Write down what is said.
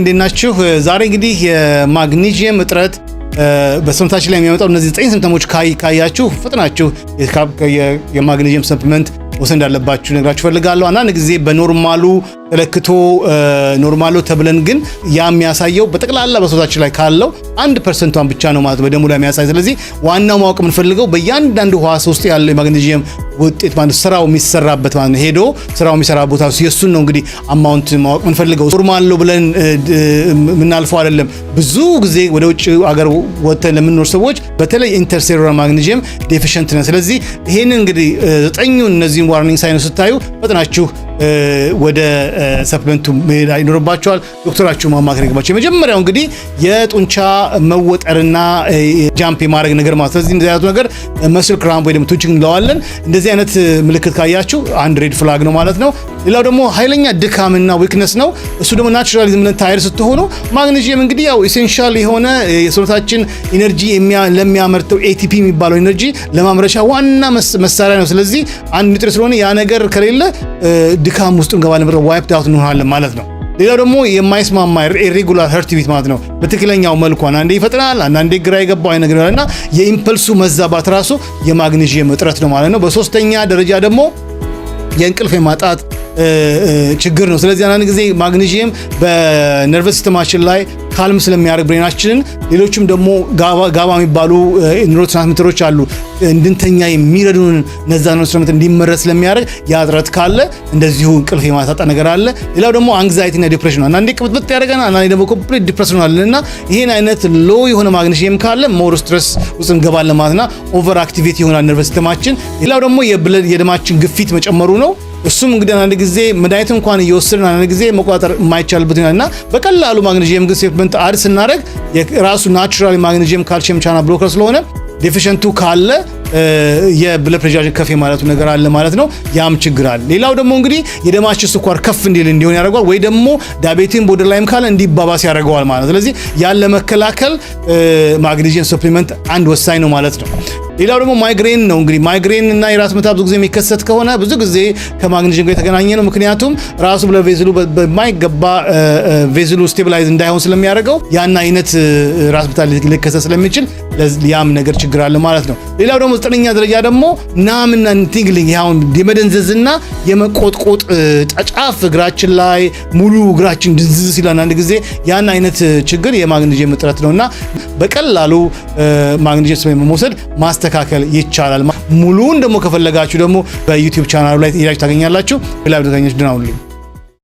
እንዴት ናችሁ? ዛሬ እንግዲህ የማግኒዥየም እጥረት በሰውነታችን ላይ የሚያመጣው እነዚህ ዘጠኝ ሲምፕተሞች ካያችሁ ፍጥናችሁ የማግኒዥየም ሰፕሊመንት ወሰን እንዳለባችሁ ነግራችሁ ፈልጋለሁ። አንዳንድ ጊዜ በኖርማሉ ተለክቶ ኖርማሉ ተብለን ግን ያ የሚያሳየው በጠቅላላ በሰውነታችን ላይ ካለው አንድ ፐርሰንቷን ብቻ ነው ማለት በደሙ ላይ የሚያሳይ። ስለዚህ ዋናው ማወቅ የምንፈልገው በእያንዳንዱ ሕዋስ ውስጥ ያለው የማግኒዥየም ውጤት ማለት ስራው የሚሰራበት ማለት ነው። ሄዶ ስራው የሚሰራ ቦታ የእሱን ነው እንግዲህ አማውንት ማወቅ ምንፈልገው ኖርማል ነው ብለን የምናልፈው አይደለም። ብዙ ጊዜ ወደ ውጭ አገር ወጥተን ለምንኖር ሰዎች በተለይ ኢንተርሴሉላር ማግኒዥየም ዴፊሽንት ነን። ስለዚህ ይሄንን እንግዲህ ዘጠኙን እነዚህን ዋርኒንግ ሳይነ ስታዩ ፈጥናችሁ ወደ ሰፕሊመንቱ መሄድ አይኖርባቸዋል። ዶክተራችሁ ማማከር ይገባቸው። የመጀመሪያው እንግዲህ የጡንቻ መወጠርና ጃምፕ የማድረግ ነገር ማለት ነው። እንደዚህ አይነቱ ነገር መስል ክራምፕ ወይ ደግሞ ቱችንግ እንለዋለን። እንደዚህ አይነት ምልክት ካያችሁ አንድ ሬድ ፍላግ ነው ማለት ነው። ሌላው ደግሞ ኃይለኛ ድካምና ዊክነስ ነው። እሱ ደግሞ ናቹራሊ ዝም ብለን ታይር ስትሆኑ ማግኔዥየም እንግዲህ ያው ኢሴንሻል የሆነ የሰውነታችን ኢነርጂ ለሚያመርተው ኤቲፒ የሚባለው ኢነርጂ ለማምረቻ ዋና መሳሪያ ነው። ስለዚህ አንድ ኒውትሪ ስለሆነ ያ ነገር ከሌለ ድካም ውስጥ እንገባለን፣ ዋይፕ አውት እንሆናለን ማለት ነው። ሌላው ደግሞ የማይስማማ ኢሬጉላር ሀርት ቢት ማለት ነው። በትክክለኛው መልኩ አንዳንዴ ይፈጥናል፣ አንዳንዴ ግራ የገባው አይነት ነገር እና የኢምፐልሱ መዛባት ራሱ የማግኔዥየም እጥረት ነው ማለት ነው። በሶስተኛ ደረጃ ደግሞ የእንቅልፍ የማጣት ችግር ነው። ስለዚህ አንዳንድ ጊዜ ማግኒዥየም በነርቨስ ሲስተማችን ላይ ካልም ስለሚያደርግ ብሬናችንን፣ ሌሎችም ደግሞ ጋባ የሚባሉ ኒውሮ ትራንስሚተሮች አሉ እንድንተኛ የሚረዱን እነዛ ኒውሮ ትራንስሚተር እንዲመረት ስለሚያደርግ ያ እጥረት ካለ እንደዚሁ እንቅልፍ የማሳጣ ነገር አለ። ሌላው ደግሞ አንግዛይቲና ዲፕሬሽን ነው። አንዳንዴ ቅብጥብጥ ያደርገናል፣ አንዳንዴ ደግሞ ኮምፕሊት ዲፕሬሽን አለን እና ይህን አይነት ሎ የሆነ ማግኒዥየም ካለ ሞር ስትረስ ውስጥ እንገባለን ና ኦቨር አክቲቬት ይሆናል ነርቨስ ሲስተማችን። ሌላው ደግሞ የደማችን ግፊት መጨመሩ ነው። እሱም እንግዲህ አንዳንድ ጊዜ መድኃኒት እንኳን እየወሰድን አንዳንድ ጊዜ መቆጣጠር የማይቻልበት ይሆናል እና በቀላሉ ማግኔዥየም ግን ሴፕመንት አድ ስናደረግ የራሱ ናቹራል ማግኔዥየም ካልሽየም ቻና ብሎከር ስለሆነ ዴፊሽንቱ ካለ የብለድ ፕሬሽራችን ከፍ የማለቱ ነገር አለ ማለት ነው። ያም ችግር አለ። ሌላው ደግሞ እንግዲህ የደማችን ስኳር ከፍ እንዲል እንዲሆን ያደርገዋል፣ ወይ ደግሞ ዳቤቲን ቦርደር ላይም ካለ እንዲባባስ ያደርገዋል ማለት ነው። ስለዚህ ያለ መከላከል ማግኔዥየም ሰፕሊመንት አንድ ወሳኝ ነው ማለት ነው። ሌላው ደግሞ ማይግሬን ነው። እንግዲህ ማይግሬን እና የራስ ምታት ብዙ ጊዜ የሚከሰት ከሆነ ብዙ ጊዜ ከማግኔዥም ጋር የተገናኘ ነው። ምክንያቱም ራሱ ለቬዝሉ በማይገባ ቬዝሉ ስቴብላይዝ እንዳይሆን ስለሚያደርገው ያን አይነት ራስ ምታት ሊከሰት ስለሚችል ያም ነገር ችግር አለ ማለት ነው። ሌላው ደግሞ ዘጠነኛ ደረጃ ደግሞ ናምና ቲንግሊንግ ሁን የመደንዘዝና የመቆጥቆጥ ጫፍ እግራችን ላይ ሙሉ እግራችን ድንዝዝ ሲል አንዳንድ ጊዜ ያን አይነት ችግር የማግኔዥም እጥረት እና በቀላሉ ማግኔዥም መውሰድ ማስተ ማስተካከል ይቻላል። ሙሉውን ደግሞ ከፈለጋችሁ ደግሞ በዩቲዩብ ቻናሉ ላይ ሄዳችሁ ታገኛላችሁ። ላብ ደጋኞች ድናውልኝ